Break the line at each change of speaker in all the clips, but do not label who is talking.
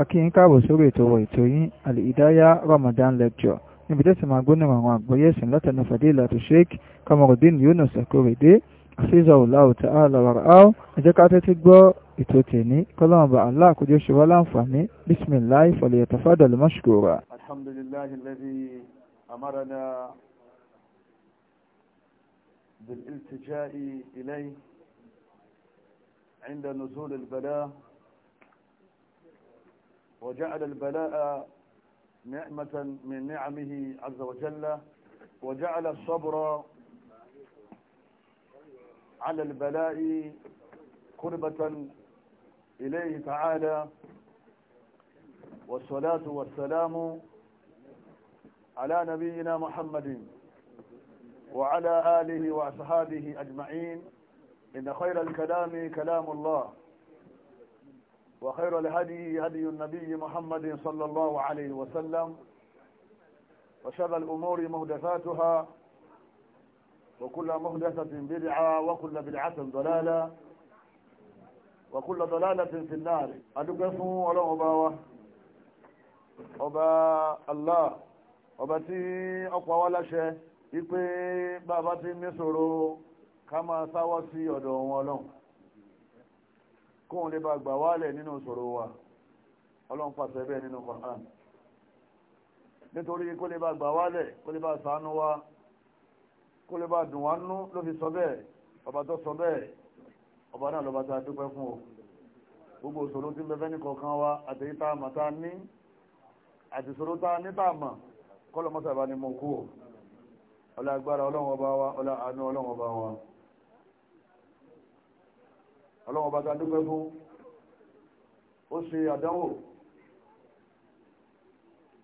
akíyín káàbọ̀ sórí ètò wa ètò yín àlìdáyà Ramadan lecture níbi tẹ́sí máa gbóná àwọn àgbọ̀yé ẹ̀sìn látẹnu Fadilatu Sheikh Kamarudeen Yunus Akorede àfihàn ọ̀làwọ̀ tá a lọ rà áwọ̀ ẹ jẹ́ ká tẹ́tí gbọ́ ètò tèmi kọ́lọ́mọba Allah àkójọ ṣe wá láǹfààní bisimilahi falyatafaddal mashkura. alhamdulillahi alladhi amarana بالالتجاء إليه عند نزول البلاء وجعل البلاء نعمة من نعمه عز وجل وجعل الصبر على البلاء قربة إليه تعالى والصلاة والسلام على نبينا محمد وعلى آله وأصحابه أجمعين إن خير الكلام كلام الله وخير الهدي هدي النبي محمد صلى الله عليه وسلم وشر الأمور مهدثاتها وكل مهدثة بدعة وكل بدعة ضلالة وكل ضلالة في النار أدقفوا ولا أباوة أبا الله ọba tí ọ̀pọ̀ wa láṣẹ wípé bàbá ti ní ṣòro ká máa sáwọ́ sí ọ̀dọ̀ wọn ọlọ́run kóhun lè bá gbà wálẹ̀ nínú ìṣòro wa ọlọ́run pàṣẹ bẹ́ẹ̀ nínú Qur'an nítorí kó lè bá gbà wálẹ̀ kó lè bá ṣàánú wa kó lè bá dùn wá nú ló fi sọ bẹ́ẹ̀ ọba tó sọ bẹ́ẹ̀ ọba náà lọ́ba tá a dúpẹ́ fún o gbogbo ìṣòro tí ń bẹ kọ̀ọ̀kan wa àtẹ̀yí tá a mà ní àti ìṣòro tá ní tá a mà ni mo kú o ọlá agbára ọlọ́run ọba wa ọlá àánú ọlọ́run ọba wa ọlọ́wọ́n bá ta dúpẹ́ fún ó ṣe àdánwò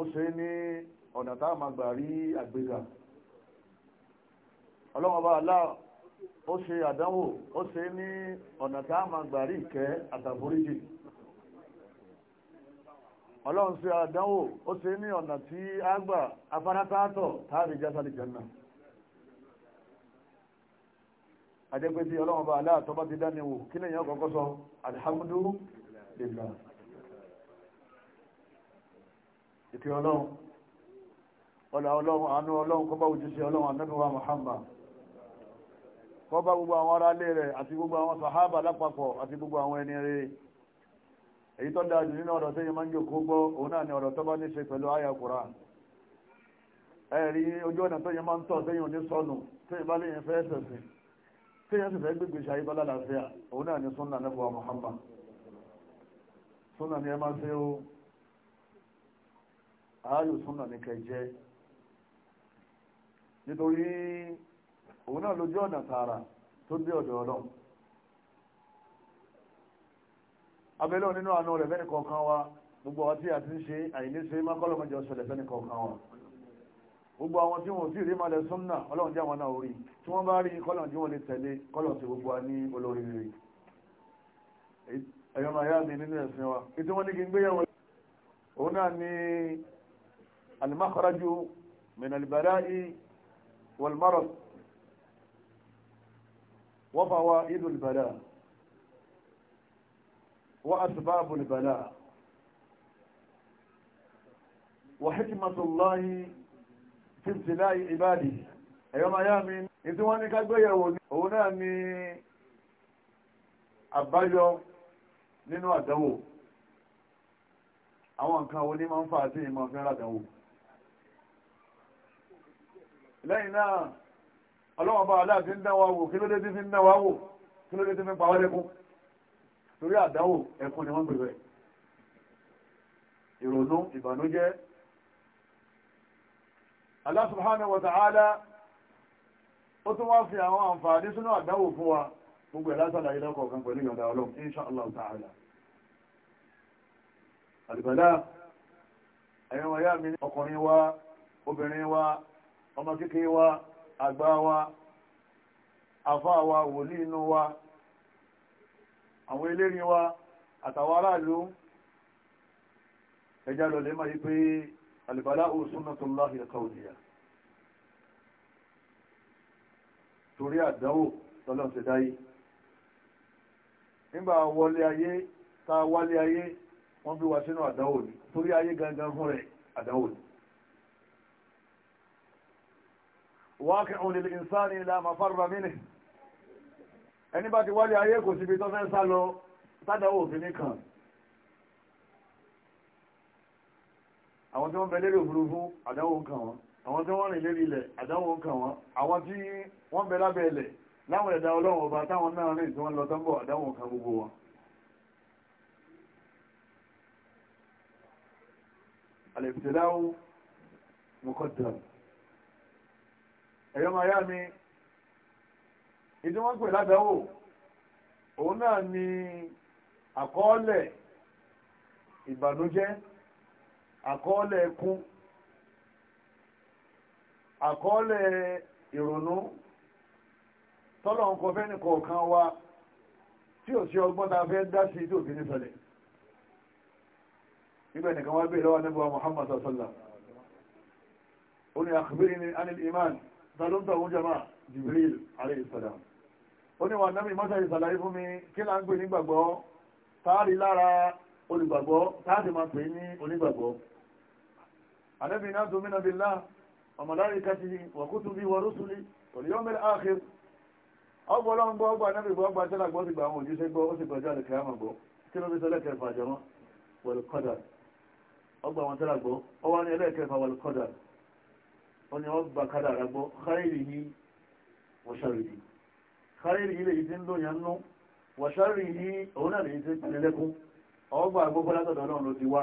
ó ṣe ní ọ̀nà tá a máa gbà rí àgbéga ọlọ́wọ́n bá aláà ó ṣe àdánwò ó ṣe ní ọ̀nà tá a gbà rí ìkẹ́ àtàforíjì ọlọ́run ṣe àdánwò ó ṣe ní ọ̀nà tí a gbà afárátátọ̀ táàrí jásàdì jẹ́ náà adẹ́gbẹ́sí ọlọ́run bá aláà tọba ti dáni wò kí lèyàn kọ́kọ́ sọ alhamdulillah ìpè ọlọ́run ọlá ọlọ́run àánú ọlọ́run kọ́bá òjíṣẹ́ ọlọ́run anábíwá Muhammad kọ́bá gbogbo àwọn ará lé rẹ̀ àti gbogbo àwọn sàhábà lápapọ̀ àti gbogbo àwọn ẹni rẹ̀ èyí tó dáa jù nínú ọ̀rọ̀ tó máa ń gbọ́ òun náà ni ọ̀rọ̀ bá ní ṣe pẹ̀lú àyà ẹ̀rí ojú ọ̀nà tó máa ń tẹ́yà sì fẹ́ gbégbé ṣayé bá lálàáfíà òun náà ni súnà nẹ́bùwà Muhammad súnà ni ẹ máa ṣe ó ààyò súnà ní kẹjẹ nítorí òun náà lójú ọ̀nà tààrà tó dé ọ̀dọ̀ ọlọ́run abẹ́lẹ́ nínú àánú rẹ̀ fẹ́ni wa gbogbo ọtí àti ń ṣe àìní ṣe ṣẹlẹ̀ fẹ́ni wa gbogbo àwọn tí wọn ò tí ì rí malẹ̀ súnmọ́ ọlọ́run jẹ́ àwọn náà orí tí wọ́n bá rí kọ́lọ̀ tí wọ́n lè tẹ̀lé kọ́lọ̀ tí gbogbo wa ní olórí rere ẹ̀yọ́ máa yá mi nínú ẹ̀sìn wa ètò wọn ní kí n gbéyàwó òun náà ni alimakaraju minalibara'i walmarot wọ́fà idu libara wa asibaabu libara wa hikimatullahi fífì láì ìbáàdì ẹ̀yọ́ máa yá mi ní tí wọ́n ní kágbéyẹ̀wò òun náà ni àbáyọ nínú àdánwò àwọn nǹkan wo ní máa ń fà sí ìmọ̀ fẹ́ ràdánwò lẹ́yìn náà ọlọ́wọ́n bá aláàfi ń dánwà wò kí ló dé tí fi ń dánwà wò kí ló dé tí fi ń pàwọ́ lẹ́kún torí àdánwò ẹkún ni wọ́n gbèrè ìrònú ìbànújẹ́ Allah subhanahu wa ta'ala ó tún wá fi àwọn àǹfààní sínú àdáwò fún wa gbogbo ẹ̀ lásàlà ilẹ̀ kọ̀ọ̀kan pẹ̀lú ìyọ̀dá ọlọ́run insha Allah ta'ala àlùbàlá ẹ̀yàn wáyá mi ọkùnrin wa obìnrin wa ọmọ kékeré wa àgbà wa afá wa wòlíì inú wa àwọn elérin wa àtàwọn aráàlú ẹjá lọ máa yí pé البلاء سنة الله القولية torí àdánwò tọ́lọ́ ṣe dáyé nígbà wọlé ayé ta wálé ayé wọ́n bí wa sínú àdánwò ní torí ayé gangan fún rẹ̀ àdánwò ní wákìrún lè ìsáni ilá ma fárúra mílẹ̀ ẹni bá ti wálé ayé kò síbi tó fẹ́ sá lọ sádánwò fi ní kàn àwọn tí wọ́n bẹ lérí òfurufú àdáwò kàn wọ́n àwọn tí wọ́n rìn lérí ilẹ̀ àdáwò kàn wọ́n àwọn tí wọ́n bẹ lábẹ́ ilẹ̀ láwọn ẹ̀dá ọlọ́run ọba táwọn náà rìn tí wọ́n lọ tọ́gbọ̀ àdáwò kan gbogbo wọn ni àkọọ́lẹ̀ ìbànújẹ́ àkọọ́lẹ̀ ẹkún àkọọ́lẹ̀ ìrònú tọ́lọ̀ ń kọ fẹ́ ní kọ̀ọ̀kan wa tí ò sí ọgbọ́n ta fẹ́ dá sí tí ò fi ní sọlẹ̀ nígbà nìkan wá bèèrè lọ́wọ́ nígbà Muhammad sọ́sọ́lá ó ní àkùbírí ní anil iman tàlóńtà oúnjẹ máa Jibril alayhi salam ó ní wà náà ànábì náà tó mìíràn bílá ọmọlárí kàtí wọ̀kútù bí wọ rúsùlì olùyọ́mẹ́lẹ̀ áàkìr ọgbọ̀lọ́gbọ̀ ọgbà ànábì gbọ́ ọgbà tẹ́lá gbọ́ ti gbà àwọn òjíṣẹ́ gbọ́ ó sì gbọ́jọ́ àlùkẹ́ àmà gbọ́ kí ló fi sọ lẹ́kẹ̀ẹ́fà jọmọ́ wọ̀lùkọ́dà ọgbà àwọn tẹ́lá gbọ́ ó wá ní ẹlẹ́kẹ̀ẹ́fà wọ̀lùkọ́dà ó ní ọgbà kádàrà gbọ́ kháìrìhì wọ̀ṣàrìhì kháìrìhì lè yìí tí ń lóyàn nú wọ̀ṣàrìhì òun náà lè yìí tí ń pẹ̀lẹ́lẹ́kún ọgbà àgbógbó látọ̀dọ̀ náà ló ti wá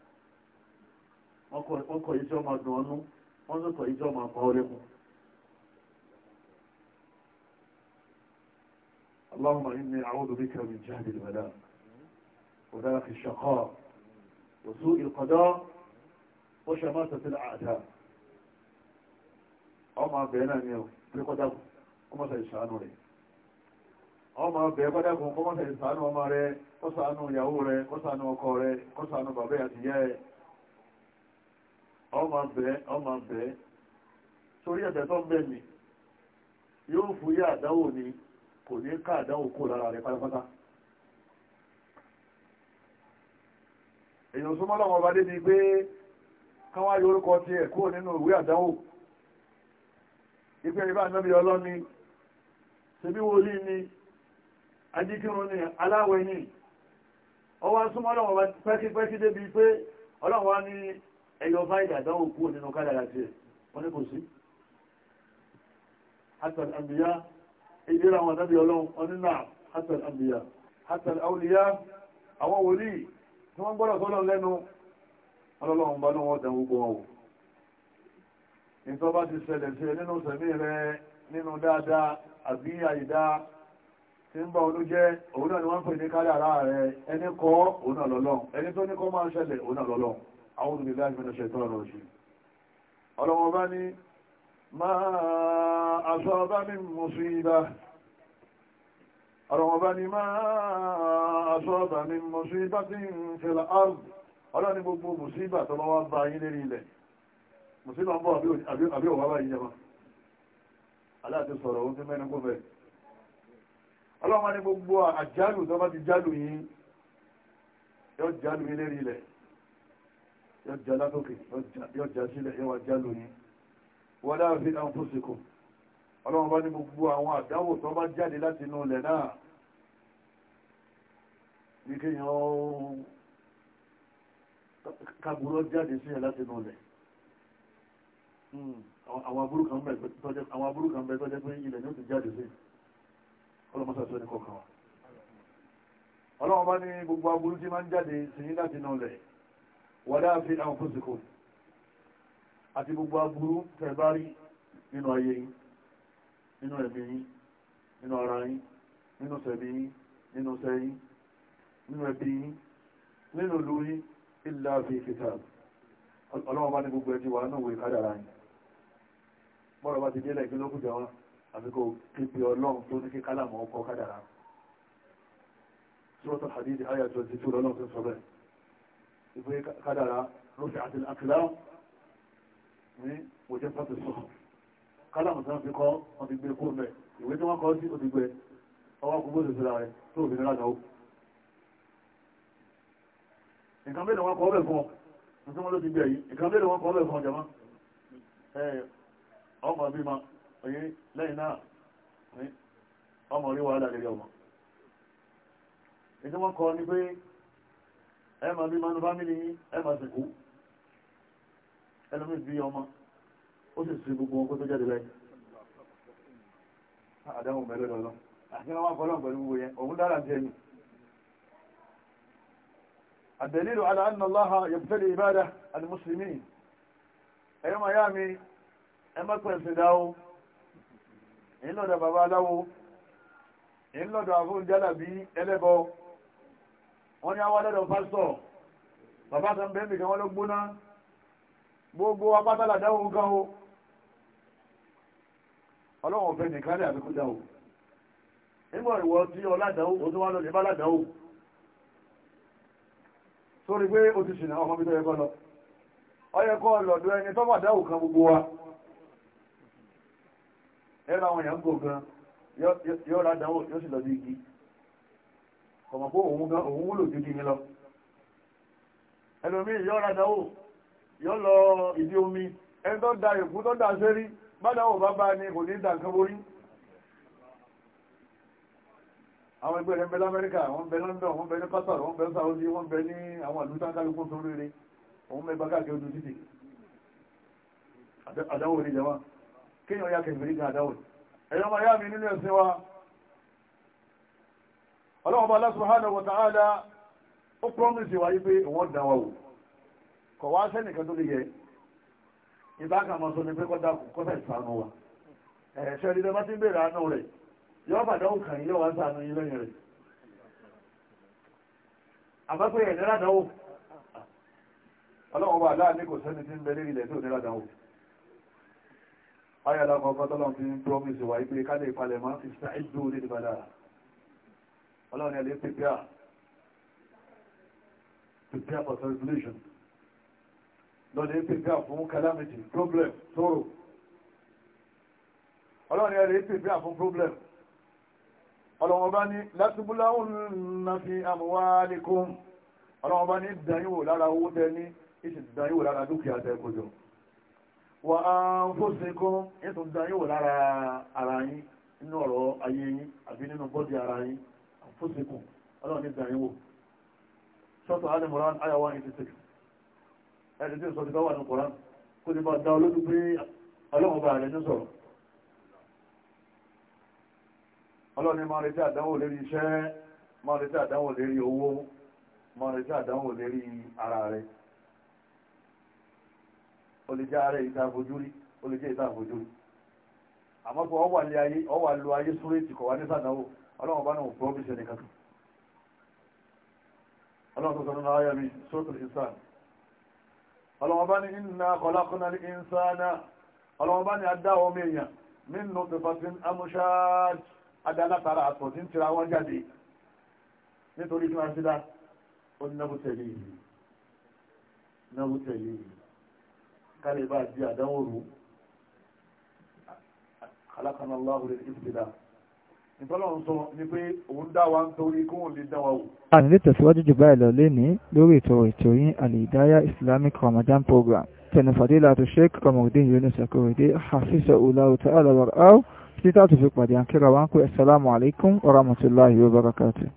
wọ́n kọ iṣẹ́ ọmọ dùn ọ́nú wọ́n tó kọ iṣẹ́ ọmọ àpá orẹ́kùn اللهم إني أعوذ بك من جهد البلاء ودرك الشقاء وسوء القضاء وشماتة الأعداء ọmọ abẹ́ náà ni ọ̀pẹ́ kọ́dákùn kọmọ́sẹ̀ ìṣàánú rẹ̀ ọmọ abẹ́ kọ́dákùn kọmọ́sẹ̀ ìṣàánú ọmọ rẹ̀ kọ́sàánú ìyàwó rẹ̀ kọ́sàánú ọkọ rẹ̀ kọ́sàánú bàbá àtìyẹ́ ọmọ bẹ ọmọ bẹ́ẹ̀ torí ẹ̀ṣẹ̀ tó mẹ́mí yóò fúyẹ́ àdáwò ni kò ní ká àdáwò kó lára rẹ̀ pátápátá èyàn súnmọ́ lọ́wọ́ ọba débi pé káwá yóò rúkọ ti nínú ìwé àdánwò ọlọ́ni ni ni aláwẹ̀ ni súnmọ́ lọ́wọ́ ẹyọ fáìlì àdáwò kúrò nínú kádàrà tí ẹ̀ wọ́n ní kò sí hatta al ìdíra àwọn àdábì ọlọ́run wọn ní náà hatta al-anbiya àwọn wòlíì tí wọ́n gbọ́dọ̀ tọ́lọ̀ lẹ́nu ọlọ́run bá tẹ̀ bá ti ṣẹlẹ̀ sí ẹ nínú sẹ̀mí rẹ nínú dáadáa àbí àìdá tí ń bá olú jẹ́ òun náà ni wọ́n pè ní kádàrà rẹ ẹni kọ́ òun náà lọ́lọ́run ẹni tó ní kọ́ máa ń òun náà lọ́lọ́run àwọn olùdílá ìmìnà ṣẹ̀tọ́ ọ̀rọ̀ ṣe ọlọ́wọ́ bá ní máa aṣọ bá mi mú sí ibá ọlọ́wọ́ bá ní máa aṣọ bá mi mú sí ibá tí ń fẹ́lá áàrùn ọlọ́ni gbogbo mùsíbà tó lọ́wọ́ bá yí lérí ilẹ̀ mùsíbà ń bọ́ àbí òwá bá yíjẹma aláàtí sọ̀rọ̀ oúnjẹ mẹ́rin kó bẹ̀rẹ̀ ọlọ́wọ́ ní gbogbo àjálù tó bá ti jálù yí yóò jálù yí lérí ilẹ̀ yọjá látòkè yọjá sílẹ̀ yọwà já lóyìn wọ́n láàfi àwọn tó sèkò ọlọ́run bá ní gbogbo àwọn àdáwò tó bá jáde láti inú ilẹ̀ náà ní kéèyàn kàbúrọ́ jáde sílẹ̀ láti inú ilẹ̀ hmm, àwọn aburú kan bẹ tó jẹ́ pé ilẹ̀ ní ó ti jáde sí ọlọ́mọsàtọ́ ní kọ̀ọ̀kan wa ọlọ́run bá ní gbogbo aburú tí máa ń jáde sí láti inú ilẹ̀ wàlá fi anfusikum àti gbogbo aburú tẹ̀bárí nínú ayé yìí nínú ẹ̀mí yìí nínú ara yìí nínú sẹ̀mí yìí nínú sẹ́yìn nínú ẹbí yìí nínú ìlú yìí illa fi kitab ọlọ́wọ́ bá ní gbogbo ẹjí wà náà wé kádàrá yìí bọ́rọ̀ bá ti délẹ̀ kí ló kù jẹ́ ìpé kádàrá rọ́fì àti àkìlá ní òjẹ́ pàtó sọ kálàmù tán fi kọ́ wọn ti gbé kó mẹ́ ìwé tí wọ́n kọ́ sí òtí gbẹ ọwọ́ kú gbọ́dọ̀ síra rẹ̀ tó òfin rárá náà nǹkan mélòó wọn kọ́ ọbẹ̀ fún ọ nǹkan wọn ló ti gbẹ yìí nǹkan mélòó wọn kọ́ ọbẹ̀ fún ọ jàmá ọmọ bí ma oye lẹ́yìn náà ọmọ orí wàhálà lórí ọmọ ìdí wọn kọ́ ni pé ẹmà bí manú fámílì yìí ẹmà sì kú ẹlùmí bí ọmọ ó sì sí gbogbo ọkọ́ tó jáde láì àdáhùn mẹ́lẹ́ lọ́lọ́ àti wọ́n wá fọ́lọ́ pẹ̀lú gbogbo yẹn òun dára jẹ́ yìí الدليل على أن الله يبتلي عباده المسلمين ẹ̀yọ́ máa yá mi ẹ má pẹ̀ sí dáwó ìlọ́dọ̀ bàbá aláwo ìlọ́dọ̀ àfóúnjálàbí ẹlẹ́bọ̀ọ́ wọ́n ní awa lọ́dọ̀ pásítọ̀ bàbá kan bẹ́ẹ̀ nìkan wọ́n ló gbóná gbogbo apátálà gan o ọlọ́run ọ̀fẹ́ nìkan lè àbíkú nígbà ìwọ tí ọládàwò ó tó wá lọ sórí pé ti ṣìnà ọmọ gbogbo wa kọ̀mọ̀ pé òun wúlò jù kí mi lọ ẹlòmí yọ́ rádàwò yọ́ lọ ìdí omi ẹni tó da ìkú tó dà sérí bádàwò bàbá ni kò ní dà nǹkan borí àwọn ẹgbẹ́ rẹ̀ ń bẹ lamẹ́ríkà wọ́n bẹ London wọ́n bẹ ní Qatar wọ́n bẹ Saudi wọ́n bẹ ní àwọn àlú tánkálukú tó rí rí òun mẹ́gbà káàkiri ojú títì àdáwò ní jama kéèyàn yá kẹfìrí ọlọ́wọ́n bá Allah subhanahu wa ta'ala ó promise wa wípé wọ́n dán wa wò kọ̀ wá sẹ́nìkan tó lè yẹ ìbákan mọ́ sọ ní pé kọ́dá kọ́fẹ́ ìsànú wa ẹ̀ṣẹ́ rí lọ́bá tí ń bèèrè àánú rẹ̀ yọ́ bàdá òkàn yíò wá sànú yí lẹ́yìn rẹ̀ àbápẹ́ ẹ̀ nírádánwò ọlọ́wọ́n wà láàrin kò sẹ́ni tí ń bẹ lérí ilẹ̀ tó nírádánwò ayàlá kan fọ́tọ́lọ́ fi ń promise wa ìpè kálẹ̀ ìpalẹ̀mọ́ ọlọ́run ẹ̀lẹ́ prepare prepare for solution lọ́dẹ̀ prepare fún calamity problem sorrow ọlọ́run ẹ̀lẹ́ prepare fún problem ọlọ́run bá ní látúbúláhùn náà fi àmúwálékún ọlọ́run bá ní ìdáyíwò lára owó tẹ ní ìṣìdáyíwò lára dúkìá tẹ kójọ wà á ń fóṣekún ìtùndáyíwò lára ara yín nínú ọ̀rọ̀ ayé yín àbí nínú bọ́dì ara yín fúsìkùn ọlọ́run ní ìgbàyẹ̀wò ṣọ́tọ̀ alìmọ̀rán àyàwó 86 ẹni tí sọ ti bá wà ní kọ̀rán kó ti bá dá olójú pé ọlọ́run bá rẹ̀ ní sọ̀rọ̀ ọlọ́run ni máa retí àdánwò lérí iṣẹ́ máa ara rẹ̀ ó lè jẹ́ ara ìta àfojúrí ó lè jẹ́ ìta ọlọ́run bá náà promise ẹni kankan ọlọ́run tó sọ́nà ayà mi sọ́tọ̀ ìsáà ọlọ́run bá ní iná kọlákùnà ní ìsáàná ọlọ́run bá ní adá ọmọ èèyàn nínú pẹ̀fàtín amúṣáàj adálátara àtọ̀ tí ń tira wọn jáde nítorí kí wọ́n ti dá ó ní náwó yìí náwó yìí kálí bá di àdánwò rú kọlákùnà rẹ̀ ìfìdá ìtọ́lọ́run sọ ni pé òun dá wa nítorí kóhùn lè dá wa wò. a nílé tẹ̀síwájú jù báyìí lọ lénìí lórí ètò ètò yín àlìdáyà Islamic Ramadan program tẹnu fàdílà tó Sheikh Kamaldeen Yunus Akorede hafiza ulawu ta'ala war'aw títà tó fi pàdé àkírà wa ń pè assalamu alaikum wa rahmatullahi wa barakatuh.